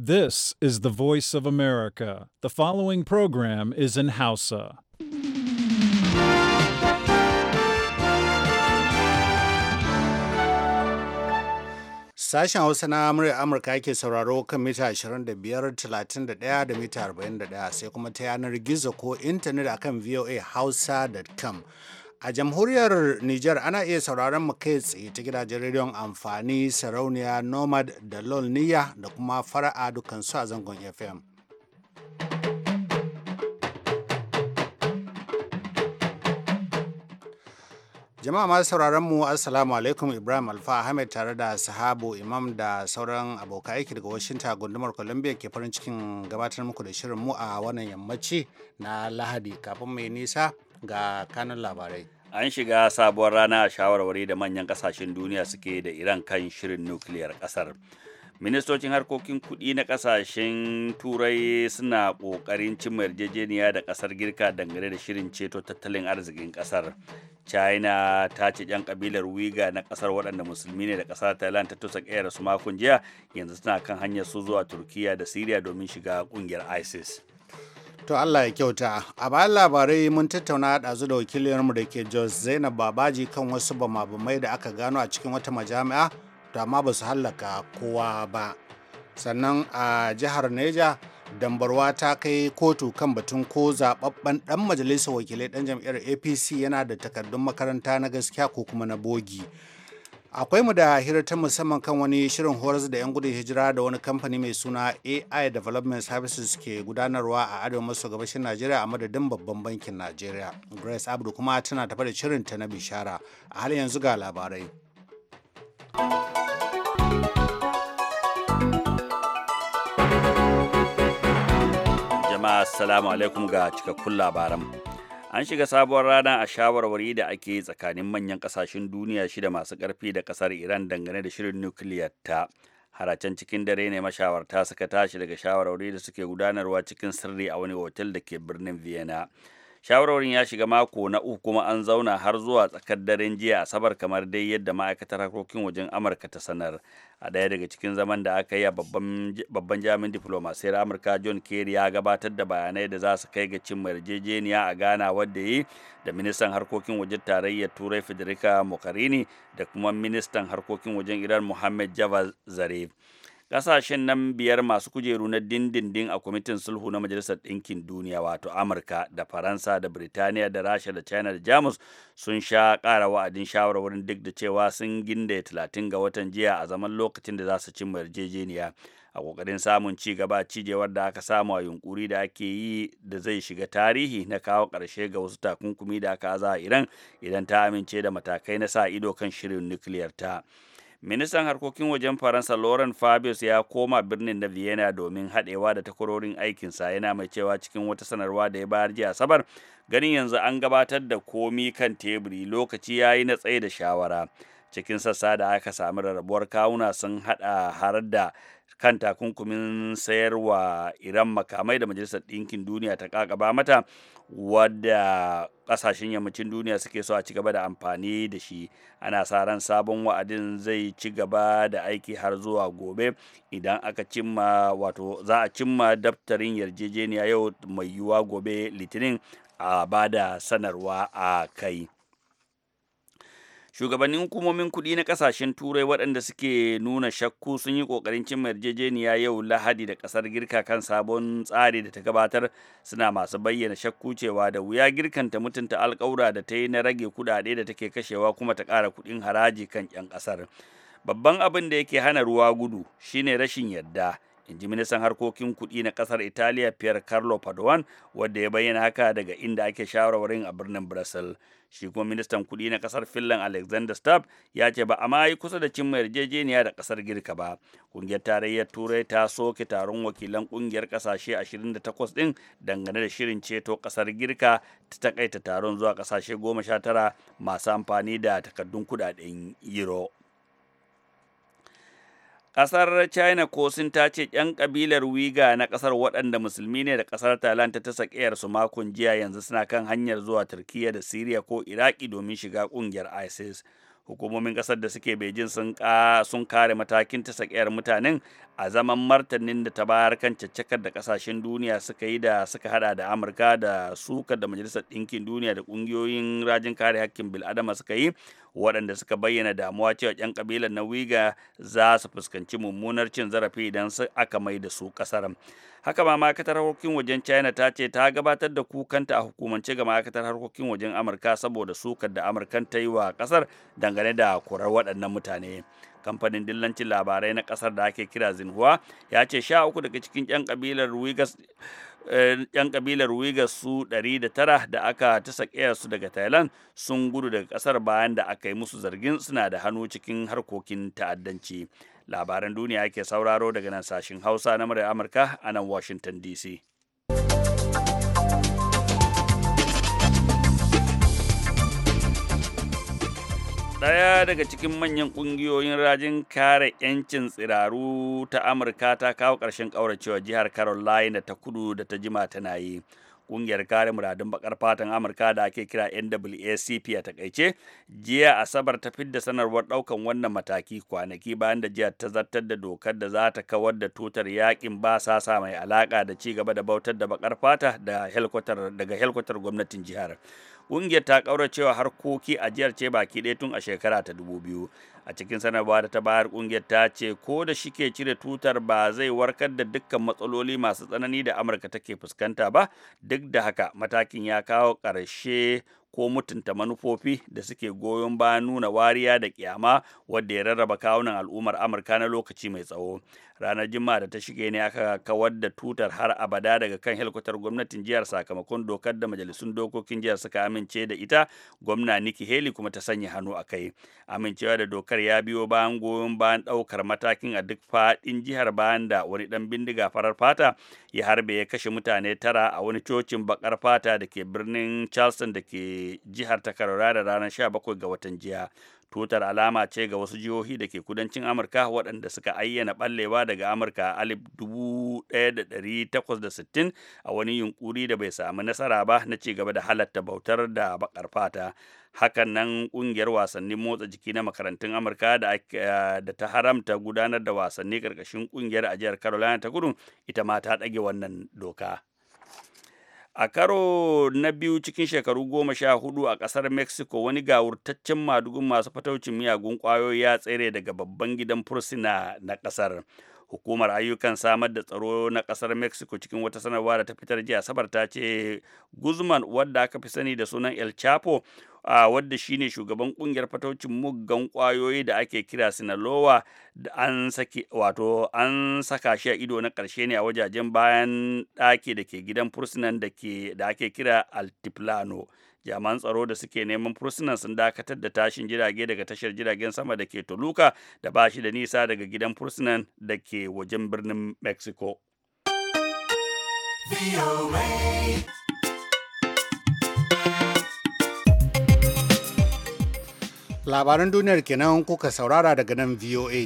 This is the voice of America. The following program is in Hausa. Sashen Hausa na murya Amurka ake sauraro kan mita 25, 31 da mita 41 sai kuma ta yanar gizo ko intanet akan voahausa.com. A jamhuriyar Niger ana iya sauraron mu kai tsaye ta gidajen rediyon amfani sarauniya Nomad da Lolniya da kuma fara'a dukansu a zangon FM. Jama'a masu sauraron mu Assalamu alaikum Ibrahim Alfa Ahmed tare da sahabu Imam da sauran abokan aiki daga washinta gundumar Columbia ke farin cikin gabatar muku da shirin mu a wannan yammaci na Lahadi kafin mai nisa ga kanun labarai. an shiga sabuwar rana a shawarwari da manyan kasashen duniya suke da iran kan shirin nukiliyar kasar ministocin harkokin kudi na kasashen turai suna kokarin cin yarjejeniya da kasar girka dangane da shirin ceto tattalin arzikin kasar china ta ce yan kabilar wiga na kasar waɗanda musulmi ne da kasar thailand ta tusa ƙera su makon jiya yanzu suna kan hanyar su zuwa turkiya da syria domin shiga kungiyar isis To Allah ya kyauta. A bayan labarai mun tattauna ɗazu da wakilinmu da ke Jos Zainab Babaji kan wasu bamabamai da aka gano a cikin wata majami'a, to amma ba su hallaka kowa ba. Sannan a jihar Neja, dambarwa ta kai kotu kan batun ko zababben ɗan majalisar wakilai ɗan jam'iyyar APC yana da takardun makaranta na gaskiya ko kuma na bogi. akwai mu da hirar ta musamman kan wani shirin horas da 'yan gudun hijira da wani kamfani mai suna ai development services ke gudanarwa a arewa maso gabashin najeriya a madadin babban bankin najeriya grace abdu kuma tana tafa da shirin ta na bishara a har yanzu ga labarai jama'a assalamu alaikum ga cikakkun labaran an shiga sabuwar rana a shawarwari da ake tsakanin manyan kasashen duniya shida masu karfi da ƙasar iran dangane da shirin nukiliyar ta haracen cikin dare ne mashawarta suka tashi daga shawarwari da suke gudanarwa cikin sirri a wani otel da ke birnin vienna shawarwarin ya shiga mako na uku kuma an zauna har zuwa tsakar daren jiya asabar kamar dai yadda ma'aikatar harkokin wajen amurka ta sanar a ɗaya daga cikin zaman da aka yi a babban jami'in diplomasiyar amurka john kerry ya gabatar da bayanai da za su kai ga cin yarjejeniya a ghana wadda yi da ministan harkokin wajen tarayyar turai federica mokarini da kuma ministan harkokin wajen iran mohammed javad zarif kasashen nan biyar masu kujeru na dindindin a kwamitin sulhu na Majalisar Ɗinkin Duniya wato Amurka da Faransa da Birtaniya da Rasha da China da Jamus sun sha ƙara wa'adin shawarwarin duk da cewa sun ya talatin ga watan jiya a zaman lokacin da za su cimma yarjejeniya. a kokarin samun ci gaba cijewar da aka samu a yunkuri da ake yi da zai shiga tarihi na kawo ƙarshe ga wasu takunkumi da aka aza a iran idan ta amince da matakai na sa ido kan shirin nukiliyar ta. ministan harkokin wajen faransa lauren fabius ya koma birnin na vienna domin haɗewa da takwarorin aikinsa yana mai cewa cikin wata sanarwa da ya bayar jiya asabar ganin yanzu an gabatar da komi kan teburi lokaci ya yi na tsaye da shawara cikin sassa da aka sami rarrabuwar kawuna sun hada har da kan takunkumin sayarwa iran makamai da majalisar ɗinkin duniya ta kakaba mata wadda ƙasashen yammacin duniya suke so a ci gaba da amfani da shi ana sa ran sabon wa'adin zai ci gaba da aiki har zuwa gobe idan aka cimma wato za a cimma daftarin yarjejeniya yau mai yiwuwa gobe litinin a bada sanarwa a kai shugabannin hukumomin kuɗi na ƙasashen turai waɗanda suke nuna shakku sun yi ƙoƙarin cin yarjejeniya yau lahadi da ƙasar girka kan sabon tsari da ta gabatar suna masu bayyana shakku cewa da wuya girkan ta mutunta alƙawura da ta yi na rage kuɗaɗe da take kashewa kuma ta ƙara kuɗin haraji kan 'yan ƙasar babban abin da yake hana ruwa gudu shine rashin yarda in ji ministan harkokin kuɗi na ƙasar italiya pierre carlo padoan wadda ya bayyana haka daga inda ake shawarwarin a birnin brussels shi kuma ministan kuɗi na ƙasar finland alexander stubb ya ce ba a ma yi kusa da cimma yarjejeniya da ƙasar girka ba ƙungiyar tarayyar turai ta soke taron wakilan ƙungiyar ƙasashe 28 ɗin dangane da shirin ceto ƙasar girka ta takaita taron zuwa ƙasashe 19 masu amfani da takaddun kuɗaɗen euro Ƙasar China ko sun tace ce 'yan ƙabilar Wiga na ƙasar waɗanda musulmi ne da ƙasar Thailand ta sakiyar su makon jiya yanzu suna kan hanyar zuwa Turkiyya da Siriya ko Iraki domin shiga ƙungiyar ISIS. Hukumomin ƙasar da suke Beijing sun kare matakin ta mutanen a zaman martanin da ta bayar kan caccakar da kasashen duniya suka yi da suka hada da Amurka da suka da Majalisar Ɗinkin Duniya da ƙungiyoyin rajin kare hakkin bil'adama suka yi waɗanda suka bayyana damuwa cewa 'yan kabilar na wiga za su fuskanci mummunar cin zarafi idan aka mai da su ƙasar haka ma ma'aikatar harkokin wajen china ta ce ta gabatar da kukanta a hukumance ga ma'aikatar harkokin wajen amurka saboda sukar da amurkan ta yi wa ƙasar dangane da kurar waɗannan mutane kamfanin dillancin labarai na ƙasar da ake kira zinhua ya ce sha uku daga cikin 'yan kabilar wigas Eh, 'yan kabilar Uyghur su 109 da aka ta su daga Thailand sun gudu daga kasar bayan da aka yi musu zargin suna da hannu cikin harkokin ta'addanci. Labaran duniya ke sauraro daga nan sashin Hausa na Amurka a nan Washington DC. ɗaya daga cikin manyan ƙungiyoyin rajin kare 'yancin tsiraru ta amurka ta kawo ƙarshen ƙauracewa jihar carolina ta kudu da ta jima tana yi ƙungiyar kare muradun bakar fatan amurka da ake kira nwacp a takaice jiya asabar ta fidda sanarwar ɗaukan wannan mataki kwanaki bayan da jihar ta zartar da dokar da za ta kawar da tutar yakin ba sasa mai alaƙa da ci gaba da bautar da bakar fata daga helkwatar gwamnatin jihar ƙungiyar ta ƙaura cewa harkoki ajiyar ce baki ɗaya tun a shekara ta dubu biyu a cikin sanarwa da ta bayar ƙungiyar ta ce ko da shi ke cire tutar ba zai warkar da dukkan matsaloli masu tsanani da amurka take fuskanta ba duk da haka matakin ya kawo ƙarshe ko mutunta manufofi da suke goyon bayan nuna wariya da kyama wadda ya rarraba kawunan al'ummar amurka na lokaci mai tsawo ranar jima'a da ta shige ne aka kawar da tutar har abada daga kan helikwatar gwamnatin jihar sakamakon dokar da majalisun dokokin jihar suka amince da ita gwamna niki, heli kuma ta sanya hannu a kai amincewa da dokar ya biyo bayan goyon bayan ɗaukar matakin a duk faɗin jihar bayan da wani dan bindiga farar fata ya harbe ya kashe mutane tara a wani cocin bakar fata da ke birnin Charleston da ke jihar ta da ranar 17 ga watan jiya. Tutar alama ce ga wasu jihohi da ke kudancin Amurka waɗanda suka ayyana ɓallewa daga Amurka a 1860 a wani yunkuri da bai samu nasara ba na ci gaba da halatta bautar da bakar fata. Hakan nan ƙungiyar wasannin motsa jiki na makarantun Amurka eh, da, ta haramta gudanar da wasanni ƙarƙashin ƙungiyar a jihar Carolina ta gudun ita ma ta ɗage wannan doka. a karo na biyu cikin shekaru goma sha hudu a ƙasar mexico wani gawurtaccen madugun masu fataucin miyagun ƙwayoyi ya tsere daga babban gidan fursuna na ƙasar hukumar ayyukan samar da tsaro na ƙasar mexico cikin wata sanarwa da ta fitar jiya asabar ta ce guzman wadda aka fi sani da sunan el chapo wadda shine shugaban kungiyar fataucin muggan kwayoyi da ake kira sinalowa da an saki wato an saka shi a ido na karshe ne a wajajen bayan ɗaki da ke gidan fursunan da ake kira altiplano jaman tsaro da suke neman fursunan sun dakatar da tashin jirage daga tashar jiragen sama da ke toluca da ba shi da nisa daga gidan fursunan da ke wajen birnin mexico labaran duniyar kenan kuka saurara daga nan voa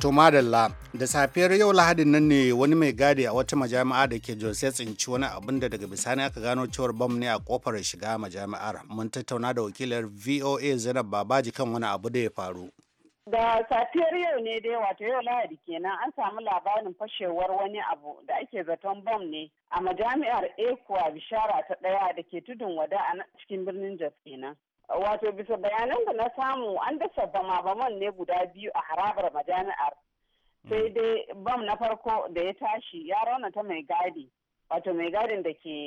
to madalla da safiyar yau lahadin nan ne wani mai gadi a wata majami'a da ke jos ya tsinci wani abin da daga bisani aka gano cewar bam ne a kofar shiga majami'ar mun tattauna da wakilar voa zainab babaji kan wani abu da ya faru Da safiyar yau ne dai wato yau Lahadi kenan an samu labarin fashewar wani abu da ake zaton bom ne a majami'ar Ekuwa Bishara ta ɗaya da ke tudun wada a cikin birnin Jos kenan. Wato bisa bayanan da na samu an dasa bama-baman ne guda biyu a harabar majami'ar. Sai mm. dai bom na farko da ya tashi ya raunata mai gadi. wato mai gadin da ke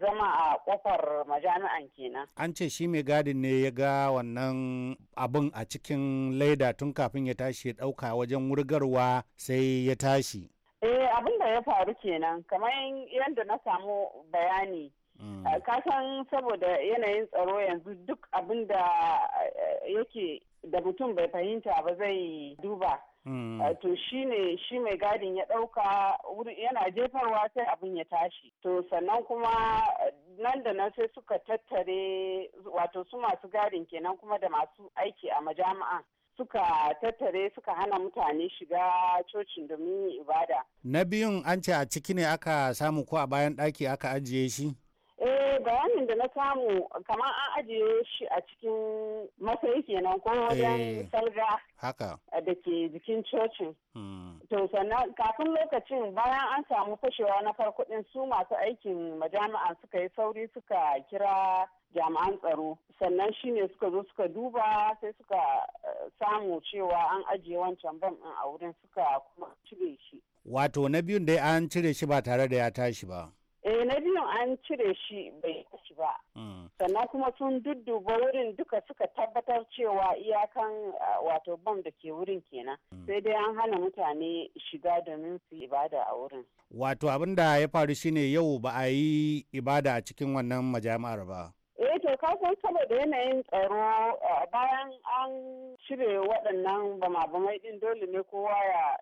zama a kofar majami'an kenan an ce shi mai gadin ne ya ga wannan abin a cikin laida tun kafin ya tashi ya ɗauka wajen wurgarwa sai ya tashi eh abin da ya faru kenan kamar yadda na samu bayani mm. eh, kasan saboda yanayin tsaro yanzu duk abin da eh, yake da mutum bai fahimta ba zai duba Hmm. to shi ne shi mai gadin ya ɗauka yana jefarwa sai abin ya tashi to sannan kuma nan da nan sai suka tattare wato su masu gadin kenan kuma da masu aiki a majami'a suka tattare suka hana mutane shiga cocin domin ibada na biyun an ce a ciki ne aka samu ko a bayan ɗaki aka ajiye shi Eh bayanin da na samu kamar an ajiye shi a cikin matsayi kenan ko wajen eh, salga da ke jikin cocin. Hmm. To sannan kafin lokacin bayan an samu fashewa na farko ɗin su masu aikin majami'a suka yi sauri suka kira jami'an tsaro sannan shi ne suka zo suka duba sai suka eh, samu cewa an ajiye wancan bam a wurin suka kuma cire shi. Wato na biyun dai an cire shi ba tare da ya tashi ba. an cire shi bai tashi ba mm. sannan kuma sun dudduba wurin duka suka tabbatar cewa iyakan ah, wato bam da ke wurin kenan mm. sai dai an hana mutane shiga domin su ibada a wurin wato abin da ya faru shine yau ba a yi ibada a cikin wannan majami'ar ba eh to kasan saboda yanayin tsaro ah, bayan an cire waɗannan bama-bamai din dole ne kowa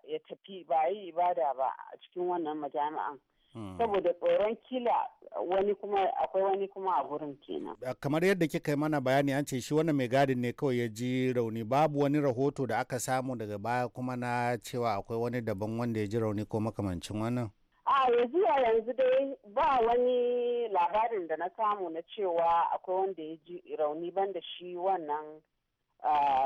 ya tafi ba yi ibada ba a cikin wannan majami'an Hmm. saboda tsoron kila wani kuma akwai wani kuma a gurin kenan kamar yadda kika yi mana bayani an ce shi wannan mai gadin ne kawai ya ji rauni babu wani rahoto da aka samu daga baya kuma na cewa akwai wani daban wanda ya ji rauni ko makamancin wannan a yanzu ya yanzu dai ba wani labarin da na samu na cewa akwai wanda ya ji rauni banda shi wannan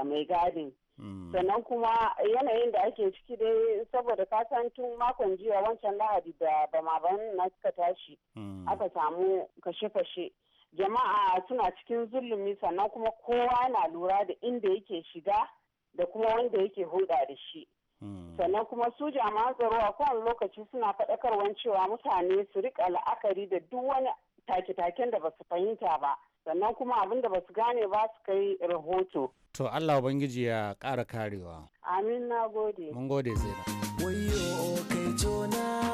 mai gadin Mm. sannan kuma yanayin da ake ciki dai saboda kasan tun makon jiya wancan lahadi da bamaban na suka tashi mm. aka samu kashe-kashe jama'a suna cikin zulumi sannan kuma kowa na lura da inda yake shiga da kuma wanda yake hulɗa da shi mm. sannan kuma su jami'an tsaro a kowane lokaci suna faɗakarwan cewa mutane su riƙa la'akari da duk wani take-taken da ba su fahimta ba sannan kuma abin da basu gane ba su kai rahoto. To Allah Ubangiji ya ƙara karewa. Amin na gode. Mun gode Zainab. Wayo kai jona.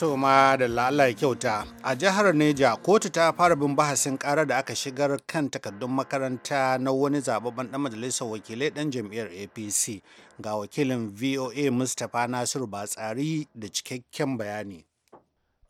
to da lalai kyauta a jihar neja kotu ta fara bin bahasin karar da aka shigar kan takardun makaranta na wani zababben dan majalisar wakilai dan jam'iyyar apc ga wakilin voa mustapha nasiru batsari da cikakken bayani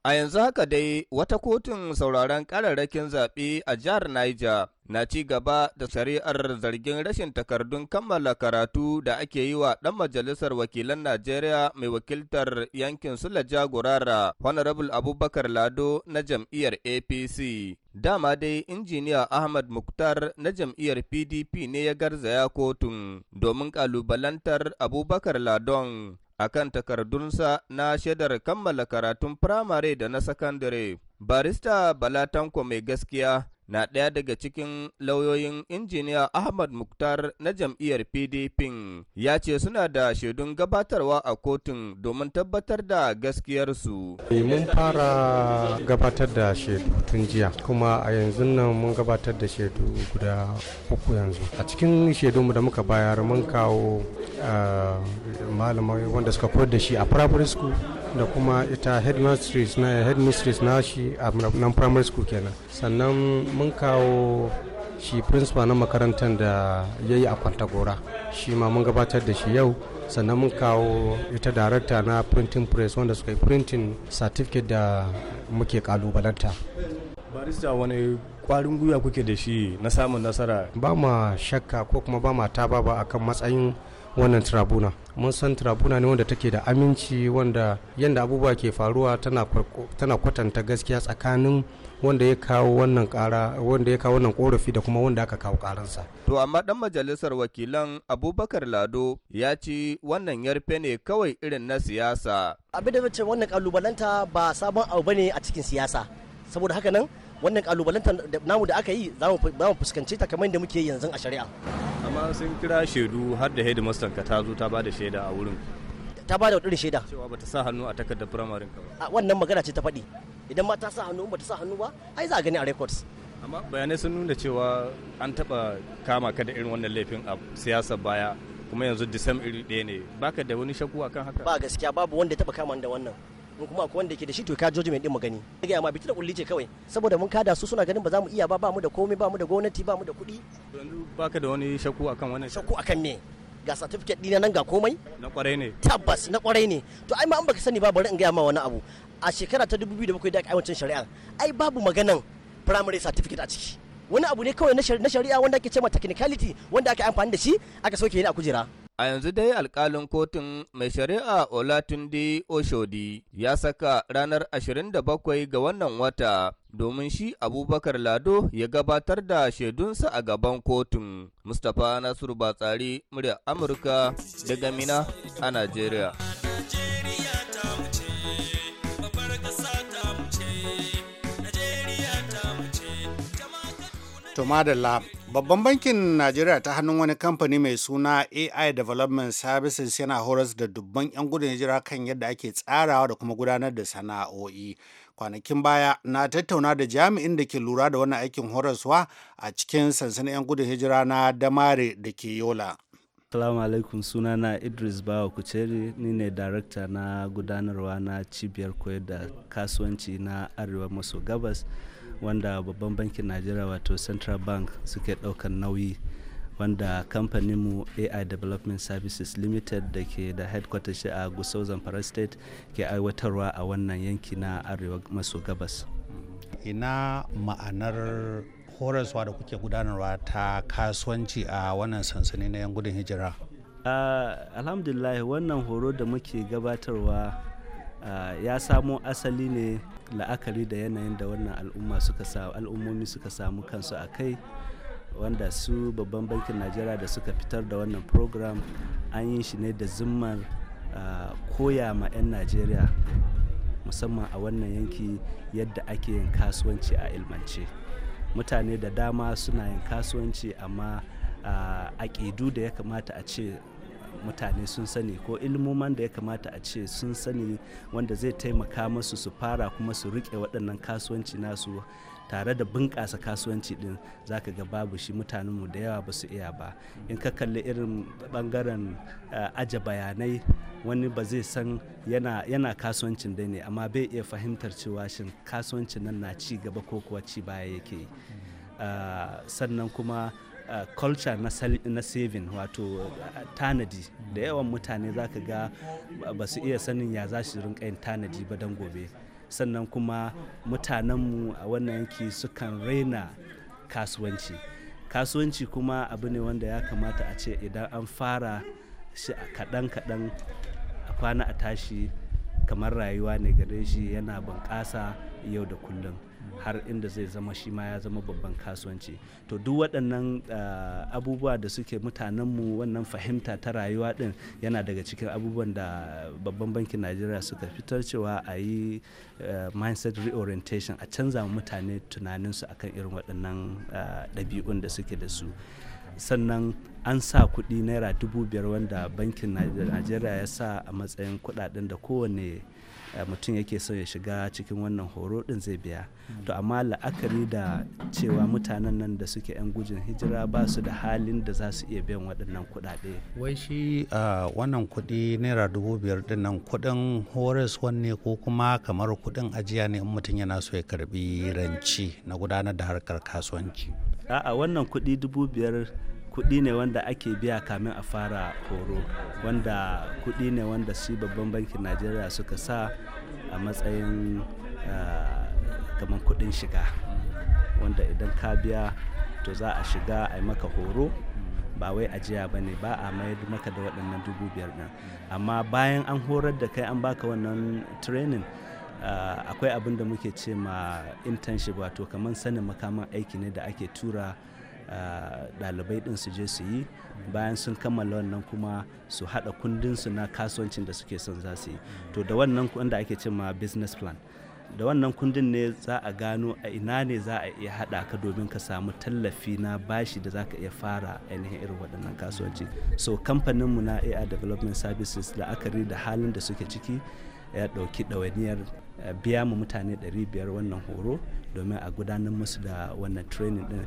A yanzu haka dai wata kotun sauraron kararrakin zaɓe a jihar Niger na ci gaba da shari'ar zargin rashin takardun kammala karatu da ake yi wa ɗan majalisar wakilan Najeriya mai wakiltar yankin Sula Jagorara, Honorable Abubakar Lado na jam'iyyar APC. Dama dai injiniya Ahmad Muktar na jam'iyyar PDP ne ya garzaya kotun domin ƙalubalantar Abubakar Ladon a takardun takardunsa na shaidar kammala karatun firamare da na sakandare. Barista Bala Tanko mai gaskiya na ɗaya daga cikin lauyoyin injiniya Ahmad Muktar na jam'iyyar PDP ya ce suna da shaidun gabatarwa a kotun domin tabbatar da gaskiyarsu. Eh, mun fara gabatar da shaidu tun jiya kuma a yanzu nan mun gabatar da shaidu guda uku yanzu. A cikin shaidunmu da muka bayar mun kawo ah, malamai wanda suka koyar da shi a primary school da kuma ita headmistress na headmistress na shi a nan primary school kenan sannan mun kawo shi principal na makarantar da ya yi a kwantagora shi ma mun gabatar da shi yau sannan mun kawo ita darakta na printing press wanda suka yi printing certificate da muke kalubalanta barista wani kwarin gwiwa kuke da shi na samun nasara ba ma shakka ko kuma ba ma ta ba akan matsayin wannan tirabuna mun san tirabuna ne wanda take da aminci wanda yadda abubuwa ke faruwa tana kwatanta gaskiya tsakanin wanda ya kawo wannan kara wanda ya kawo wannan korafi da kuma wanda aka kawo karansa. To amma dan majalisar wakilan Abubakar Lado ya ci wannan yarfe ne kawai irin na siyasa. Abin da wannan kalubalanta ba sabon abu bane a cikin siyasa. Saboda haka nan wannan kalubalantar namu da aka yi za mu fuskance ta kamar da muke yanzu a shari'a amma sun kira shaidu har da headmaster ka ta zo ta bada shaida a wurin ta bada wata shaida cewa ta sa hannu a takardar firamarin ka ba wannan magana ce ta faɗi idan ma ta sa hannu ba ta sa hannu ba ai za a gani a records amma bayanai sun nuna cewa an taba kama ka da irin wannan laifin a siyasar baya kuma yanzu disam iri ɗaya ne baka da wani shakku akan haka ba gaskiya babu wanda ya taba kama da wannan in kuma akwai wanda ke da shi to ka joji mai din magani daga amma bitu da kulli ce kawai saboda mun kada su suna ganin ba za mu iya ba ba mu da komai ba mu da gwamnati ba mu da kuɗi yanzu baka da wani shakku akan wannan shakku akan me ga certificate dina nan ga komai na kwarai ne tabbas na kwarai ne to ai ma an baka sani ba bari in ga ma wani abu a shekara ta 2007 da aka aiwancin shari'a ai babu maganan primary certificate a ciki wani abu ne kawai na shari'a wanda ake cewa technicality wanda aka amfani da shi aka soke ni a kujera A yanzu dai alkalin kotun mai shari'a Olatunde Oshodi ya saka ranar 27 ga wannan wata domin shi Abubakar Lado ya gabatar da shaidunsa a gaban kotun. Mustapha Nasiru Batsari, murya Amurka daga Mina a Najeriya. To Babban bankin Najeriya ta hannun wani kamfani mai suna AI Development Services yana horas da dubban 'yan gudun hijira kan yadda ake tsarawa da kuma gudanar da sana'o'i. Kwanakin baya na tattauna da jami'in da ke lura da wannan aikin horaswa a cikin sansanin 'yan gudun hijira na Damare da ke Yola. Salamu alaikum suna na Idris Bawa Kuceri ni ne darakta na gudanarwa na cibiyar koyar da kasuwanci na Arewa maso gabas. wanda babban bankin najeriya wato central bank suke ɗaukar nauyi wanda kamfaninmu ai development services limited da ke da headquarters a gusau zamfara state ke aiwatarwa a wannan yanki na arewa maso gabas ina ma'anar horaswa da kuke gudanarwa ta kasuwanci a wannan sansani na yan gudun hijira uh, alhamdulillah wannan horo da muke gabatarwa uh, ya samo asali ne la'akari da yanayin da wannan al'umma suka samu al'ummomi suka samu kansu a kai wanda su babban bankin najeriya da suka fitar da wannan program an yi shi ne da zimmar koya ma 'yan najeriya musamman a wannan yanki yadda ake yin kasuwanci a ilmance mutane da dama suna yin kasuwanci amma a aƙidu da ya kamata a ce mutane sun sani ko ilmoman da ya kamata a ce sun sani wanda zai taimaka masu su fara kuma su rike waɗannan kasuwanci nasu tare da bunƙasa kasuwanci za zaka ga babu shi mutanenmu da yawa ba su iya ba in ka kalli irin ɓangaren eh, aje bayanai wani ba zai san yana, yana kasuwancin dai ne amma bai iya fahimtar cewa shin kasuwancin nan na ci gaba ko kuwa ci baya yake mm. ah, sannan kuma Uh, culture na saving wato uh, tanadi da yawan mutane za ka ga ba su iya sanin ya za su rinka yin tanadi ba don gobe sannan kuma mutanenmu a wannan yanki sukan raina kasuwanci kasuwanci kuma abu ne wanda ya kamata a ce idan an fara shi a kaɗan-kaɗan a kwana a tashi kamar rayuwa ne gare shi yana bunƙasa yau da kullum har inda zai zama shi ma ya zama babban kasuwanci to duk waɗannan ah, abubuwa da suke mutanenmu wannan fahimta ta rayuwa ɗin yana daga cikin abubuwan da babban bankin najeriya suka fitar cewa a yi eh, mindset reorientation a canza mutane tunaninsu akan irin waɗannan ah, ɗabi'un da suke da su sannan an sa kuɗi naira dubu biyar wanda bankin najeriya ya sa a matsayin kuɗaɗen da kowane eh, mutum yake so ya shiga cikin wannan horo ɗin zai biya to amma la'akari da cewa mutanen nan da suke 'yan gujin hijira ba su da halin da za su iya biyan waɗannan kuɗaɗe wai shi ah, wannan kuɗi naira dubu biyar din nan kuɗin horis wanne ko kuma kamar kuɗin ajiya ne in mutum yana so ya karɓi ranci na gudanar da harkar kasuwanci a'a wannan kuɗi dubu biyar kuɗi ne wanda ake biya kamin a fara horo wanda kuɗi ne wanda su babban bankin najeriya suka sa a matsayin kamar kuɗin shiga wanda idan ka biya to za a shiga a yi maka horo ba wai ajiya ba ne ba a mayar maka da waɗannan dubu biyar ɗin amma bayan an horar da kai an baka wannan training Ah, akwai abin da muke ce ma internship wato kamar sanin makaman aiki ne da ake tura ah, ɗalibai ɗin su je su yi bayan sun kammala wannan kuma su haɗa kundinsu na kasuwancin da suke son za su yi to da wannan wanda ake ce ma business plan da wannan kundin ne za a gano a ina ne za a iya haɗa ka domin ka samu tallafi na bashi da za ka iya fara ainihin irin waɗannan kasuwanci so kamfaninmu na ai development services la'akari da halin da suke ciki ya ɗauki ɗawainiyar Eh, biya mu mutane 500 wannan horo domin a gudanar musu da wannan training din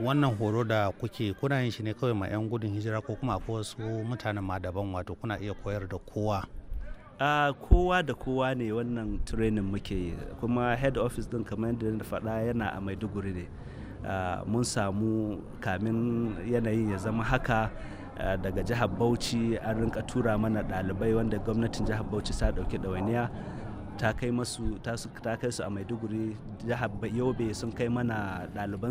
wannan horo da kuke kuna yin shi ne kawai ma 'yan gudun hijira ko kuma akwai wasu mutanen ma daban wato kuna iya koyar da kowa Uh, kowa da kowa ne wannan training muke yi kuma head office din kamar yadda na faɗa yana a maiduguri ne uh, mun samu kamin yanayin ya zama haka Uh, daga jihar bauchi an rinka tura mana ɗalibai wanda gwamnatin jihar bauchi sa ɗauki ɗawainiya ta kai masu ta kai su a maiduguri jihar yobe sun kai mana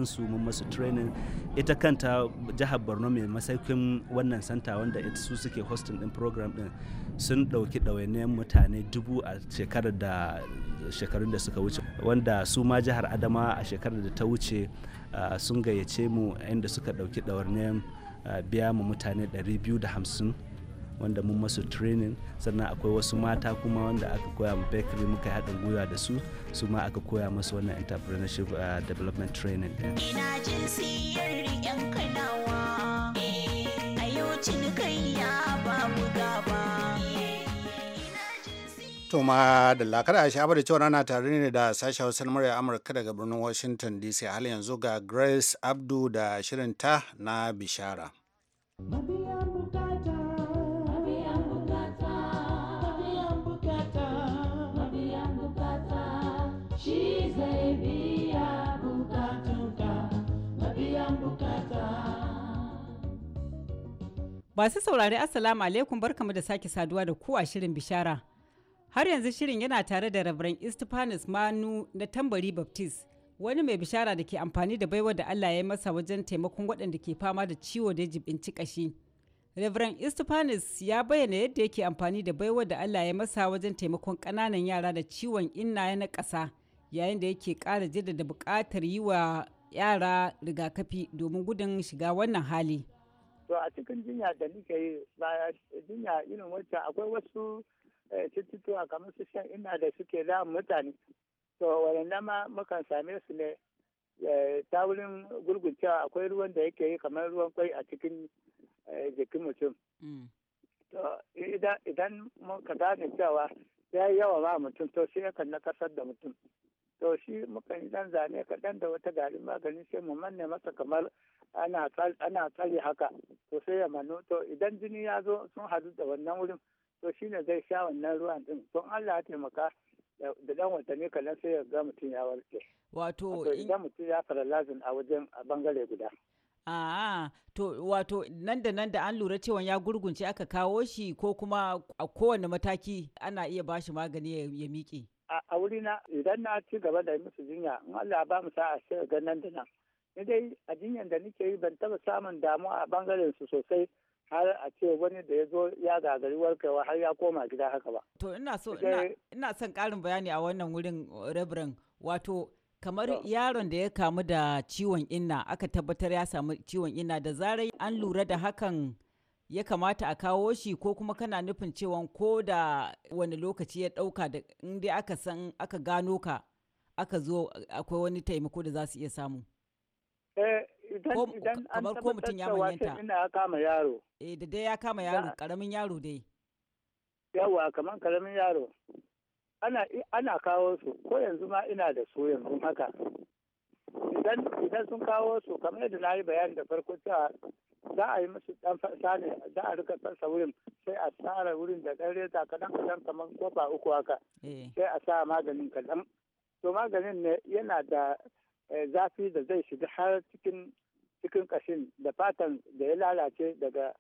su mun masu training ita kanta jihar borno mai masaukin wannan santa wanda ita su suke hosting din program din sun ɗauki ɗawainiyar mutane dubu a shekarar da shekarun da suka wuce wanda su ma jihar adama a shekarar da ta wuce sun gayyace mu inda suka ɗauki ɗawainiyar biya mu mutane 250 wanda mun masu training sannan akwai wasu mata kuma wanda aka koya mu bakery muka haɗin gwiwa da su su ma aka koya masu wannan entrepreneurship uh, development training din. Ina jin yan kanawa a yau babu gaba. To ma da lakar a sha'abar da cewa rana tare ne da sashen hausar murya Amurka daga birnin Washington DC hal yanzu ga Grace Abdu da shirinta na Bishara. Masu saurari Assalamu alaikum barkamu da sake saduwa da ku a shirin bishara. Har yanzu shirin yana tare da Reverend Istifanis Manu na tambari Baptist, wani mai bishara da ke amfani da baiwa da Allah ya yi masa wajen taimakon waɗanda ke fama da ciwo da jibinci kashi. Reverend Istifanis ya bayyana yadda yake amfani da baiwa da Allah ya masa wajen taimakon ƙananan yara da ciwon inna na ƙasa yayin da yake ƙara jaddada buƙatar yi wa yara rigakafi domin gudun shiga wannan hali. to a cikin jinya da nike yi baya jinya irin wacce akwai wasu eh, cututtuka kamar su shan ina da suke da mutane to waɗannan ma mukan same su ne eh, ta wurin gurguncewa akwai ruwan da yake yi kamar ruwan kwai a cikin eh, jikin mutum mm. to idan ka gane cewa ya yi yawa ma mutum to shi yakan na kasar da mutum to shi mukan yi dan zane kaɗan da wata garin magani sai mu manne masa kamar ana tsari haka to sai ya manu to idan jini ya zo sun hadu da wannan wurin to shine zai sha wannan ruwan din to Allah ya taimaka da dan watanni kalan sai ya ga mutum ya warke wato idan mutum ya fara lazin a wajen a bangare guda A'a, to wato nan da nan da an lura cewa ya gurgunce aka kawo shi ko kuma a kowane mataki ana iya bashi magani ya miƙe. A wuri na idan na ci gaba da musu jinya, in Allah ba mu sa'a sai ga nan da nan. ni dai a jinyar da nike yi ban taba samun damuwa a bangaren su sosai har a ce wani da ya zo ya gagari warkarwa har ya koma gida haka ba. To ina so ina son karin bayani a wannan wurin rebren wato kamar yaron da ya kamu da ciwon inna aka tabbatar ya samu ciwon inna da zarai an lura da hakan ya kamata a kawo shi ko kuma kana nufin cewa ko da wani lokaci ya ɗauka da inda aka san aka gano ka aka zo akwai wani taimako da za su iya samu. Eh, idan an mutum ya manyanta ina kama yaro eh da dai ya kama yaro karamin yaro dai yawa kamar karamin yaro ana ana kawo su ko yanzu ma ina da su yanzu haka idan idan sun kawo su kamar yadda na yi bayani da farko cewa za a yi musu dan fasa ne za a rika fasa wurin sai a tsara wurin da dan reza kadan kadan kamar kofa uku haka eh. sai a sa maganin kadan to maganin ne yana da Eh, zafi da zai shiga har cikin cikin kashin da fatan da ya lalace daga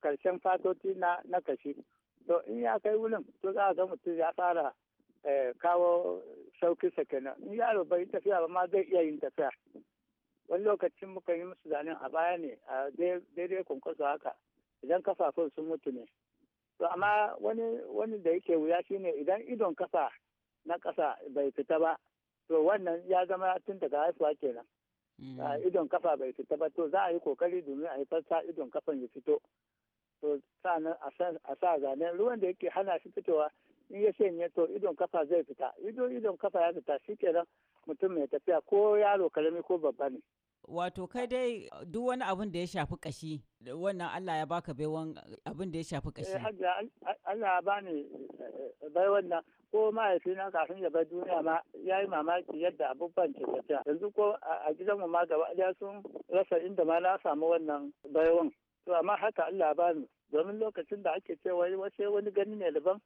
karshen fatoti na na kashi to in ya kai wulin to za a ga mutum ya fara eh, kawo sauki kenan in yaro bai tafiya ba ma zai iya yin tafiya wani lokacin muka yi musu zanen a baya ne a daidai kwankwaso haka idan kafafun sun mutu ne to amma wani wani da yake wuya shine idan idon kafa na ƙasa bai fita ba to wannan ya zama tun daga haifuwa kenan mm. ah, idon kafa bai fita ba to za a yi kokari domin a haifar sa idon kafan ya fito to sanan a sa zane ruwan da yake hana shi fitowa in ya shanye to idon kafa zai fita ido idon kafa ya fita shi kenan mutum mai tafiya ko yaro karami ko babba ne wato kai dai duk wani abin da ya shafi kashi wannan Allah ya baka baiwan abin da ya shafi kashi eh, Allah ya bani eh, bai wannan ko mahaifina kafin ya bar duniya ma ya yi mamaki yadda abubuwan ke tafiya yanzu ko a gidanmu ma gaba ɗaya sun rasa inda ma na samu wannan baiwan to amma haka Allah bani domin lokacin da ake cewa wasu wani gani ne daban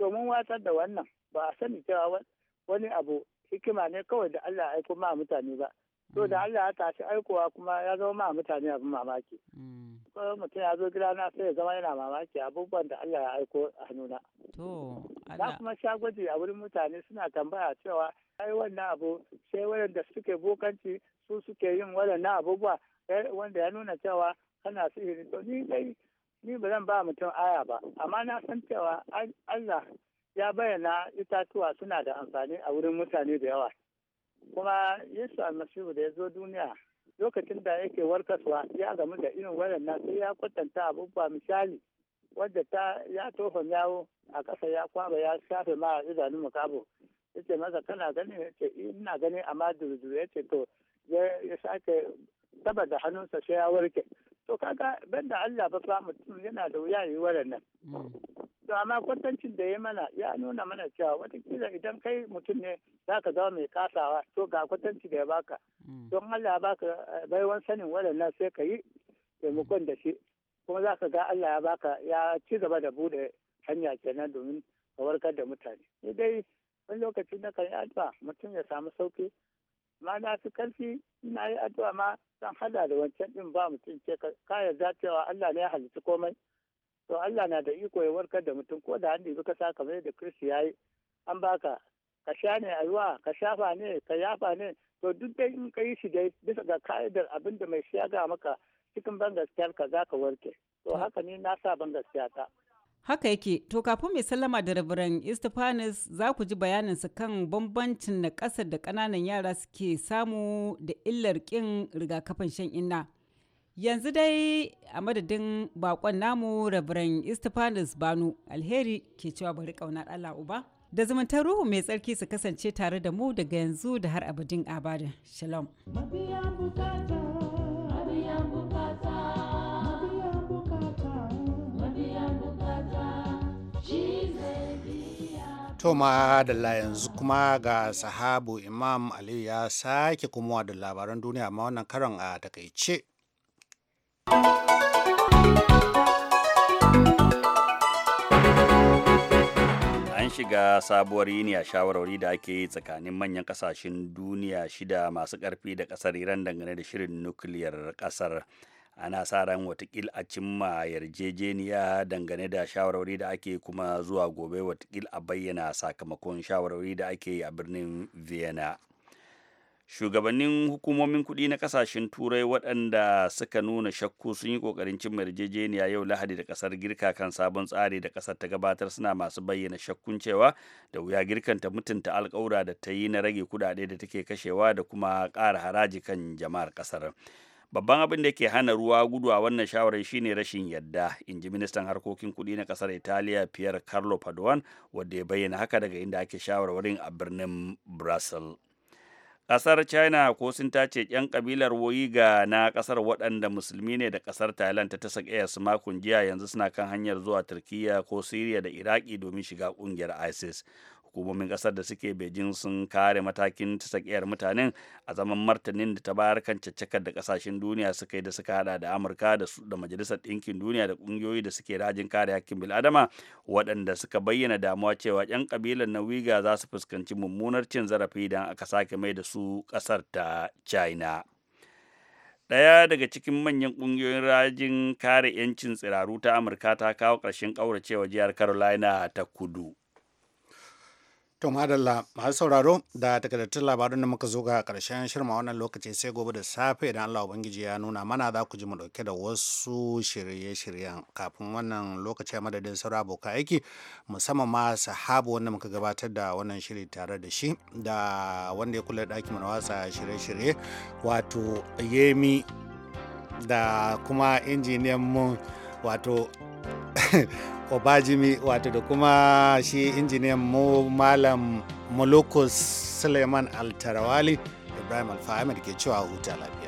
mun watsar da wannan ba a sani cewa wani abu hikima ne kawai da Allah ya aiko ma mutane ba to da mm. Allah ya tashi aikowa kuma ya zama ma mutane abin mamaki mm. ko mutum ya zo gida na sai ya zama yana mamaki abubuwan da Allah ya aiko a hannuna to na kuma sha gwaji a wurin mutane suna tambaya cewa ai wannan abu sai waɗanda suke bokanci su suke yin waɗannan abubuwa eh, wanda ya nuna cewa kana sihiri to ni dai ni ba zan ba mutum aya ba amma na san cewa Allah ya bayyana itatuwa suna da amfani a wurin mutane da yawa kuma yesu almasihu da ya zo duniya lokacin da yake warkaswa ya gamu da irin na sai ya kwatanta abubuwa misali wadda ta ya tofa yawo a kasa ya kwaba ya shafe ma idanun makabo ya ce masa kana gani ya ce eh, ina gani amma duruduru ya ce to ya sake taba da hannunsa sai ya warke to kaga banda Allah ba fa mutum yana da wuya yi wannan mm. to amma kwatancin da ya mana ya nuna mana cewa watakila idan kai mutum ne za ka zama mai kasawa to ga kwatanci da ya baka mm. don Allah ya baka eh, baiwan sanin waɗannan sai ka yi taimakon da shi kuma za ka ga Allah ya baka ya ci gaba da bude hanya kenan domin ka warkar da mutane ni dai wani lokaci na kan yi addu'a mutum ya samu sauki ma na fi karfi ina yi addu'a ma zan hada da wancan din ba mutum ce ka yarda cewa Allah ne ya halitta komai to Allah na da iko ya warkar da mutum ko da hannu ka kasa kamar yadda Kiristi ya yi an baka ka sha ne a ka shafa ne ka yafa ne to duk dai in ka yi shi dai bisa ga ka'idar abin da mai shaga ga maka cikin ban gaskiyar ka za ka warke to haka ne na sa ban gaskiya ta. Haka yake, to kafin mai sallama da rabiran Istifanis za ku ji bayanin su kan bambancin na ƙasar da ƙananan yara suke samu da illar ƙin rigakafin shan inna. Yanzu dai a madadin bakon namu Reverend Istifanis Banu alheri ke cewa bari kauna Allah Uba. Da zumuntar ruhu mai tsarki su kasance tare da mu daga yanzu da har abadin abadin. Shalom. Toma da yanzu kuma ga sahabu Imam Aliyu ya sake kuma da labaran duniya ma wannan karon a takaice. an shiga sabuwar yini a shawarwari da ake yi tsakanin manyan kasashen duniya shida masu karfi da kasar iran dangane da shirin nukiliyar kasar ana sa ran watakil a cimma yarjejeniya dangane da shawarwari da ake kuma zuwa gobe watakil a bayyana sakamakon shawarwari da ake yi a birnin vienna shugabannin hukumomin kuɗi na kasashen turai waɗanda suka nuna shakku sun yi ƙoƙarin cin yarjejeniya yau lahadi da ƙasar girka kan sabon tsari da ƙasar ta gabatar suna masu bayyana shakkun cewa da wuya girkan ta mutunta alƙawura da ta yi na rage kuɗaɗe da take kashewa da kuma ƙara haraji kan jama'ar ƙasar babban abin da ke hana ruwa gudu a wannan shawarar shine rashin yadda in ji ministan harkokin kuɗi na ƙasar italiya pierre carlo padoan wadda ya bayyana haka daga inda ake shawarwarin a birnin brussels Ƙasar China ko sun tace 'yan ƙabilar Uyghur na ƙasar waɗanda musulmi ne da ƙasar Thailand ta tasa su makon jiya yanzu suna kan hanyar zuwa Turkiyya ko Syria da Iraki domin shiga ƙungiyar ISIS. hukumomin kasar da suke beijing sun kare matakin tsakiyar mutanen a zaman martanin da ta bayar kan caccakar da kasashen duniya suka yi da suka hada da amurka da majalisar ɗinkin duniya da ƙungiyoyi da suke rajin kare hakkin bil'adama waɗanda suka bayyana damuwa cewa 'yan ƙabilar na wiga za su fuskanci mummunar cin zarafi idan aka sake mai da su ƙasar ta china daya daga cikin manyan ƙungiyoyin rajin kare 'yancin tsiraru ta Amurka ta kawo ƙarshen ƙauracewa jihar Carolina ta kudu. To madalla masu sauraro da takardattun labarun da muka zo ga karshen shirma wannan lokaci sai gobe da safe idan Allah Ubangiji ya nuna mana za ku ji mu dauke da wasu shirye-shiryen kafin wannan lokaci a madadin sauran abokan aiki musamman ma sahabu wanda muka gabatar da wannan shiri tare da shi da wanda ya kula da ɗakin watsa shirye-shirye wato Yemi da kuma injiniyan mu wato obajimi wato da kuma shi injiniyan mu malam molokus suleiman altarawali ibrahim alfahamid ke cewa huta lafiya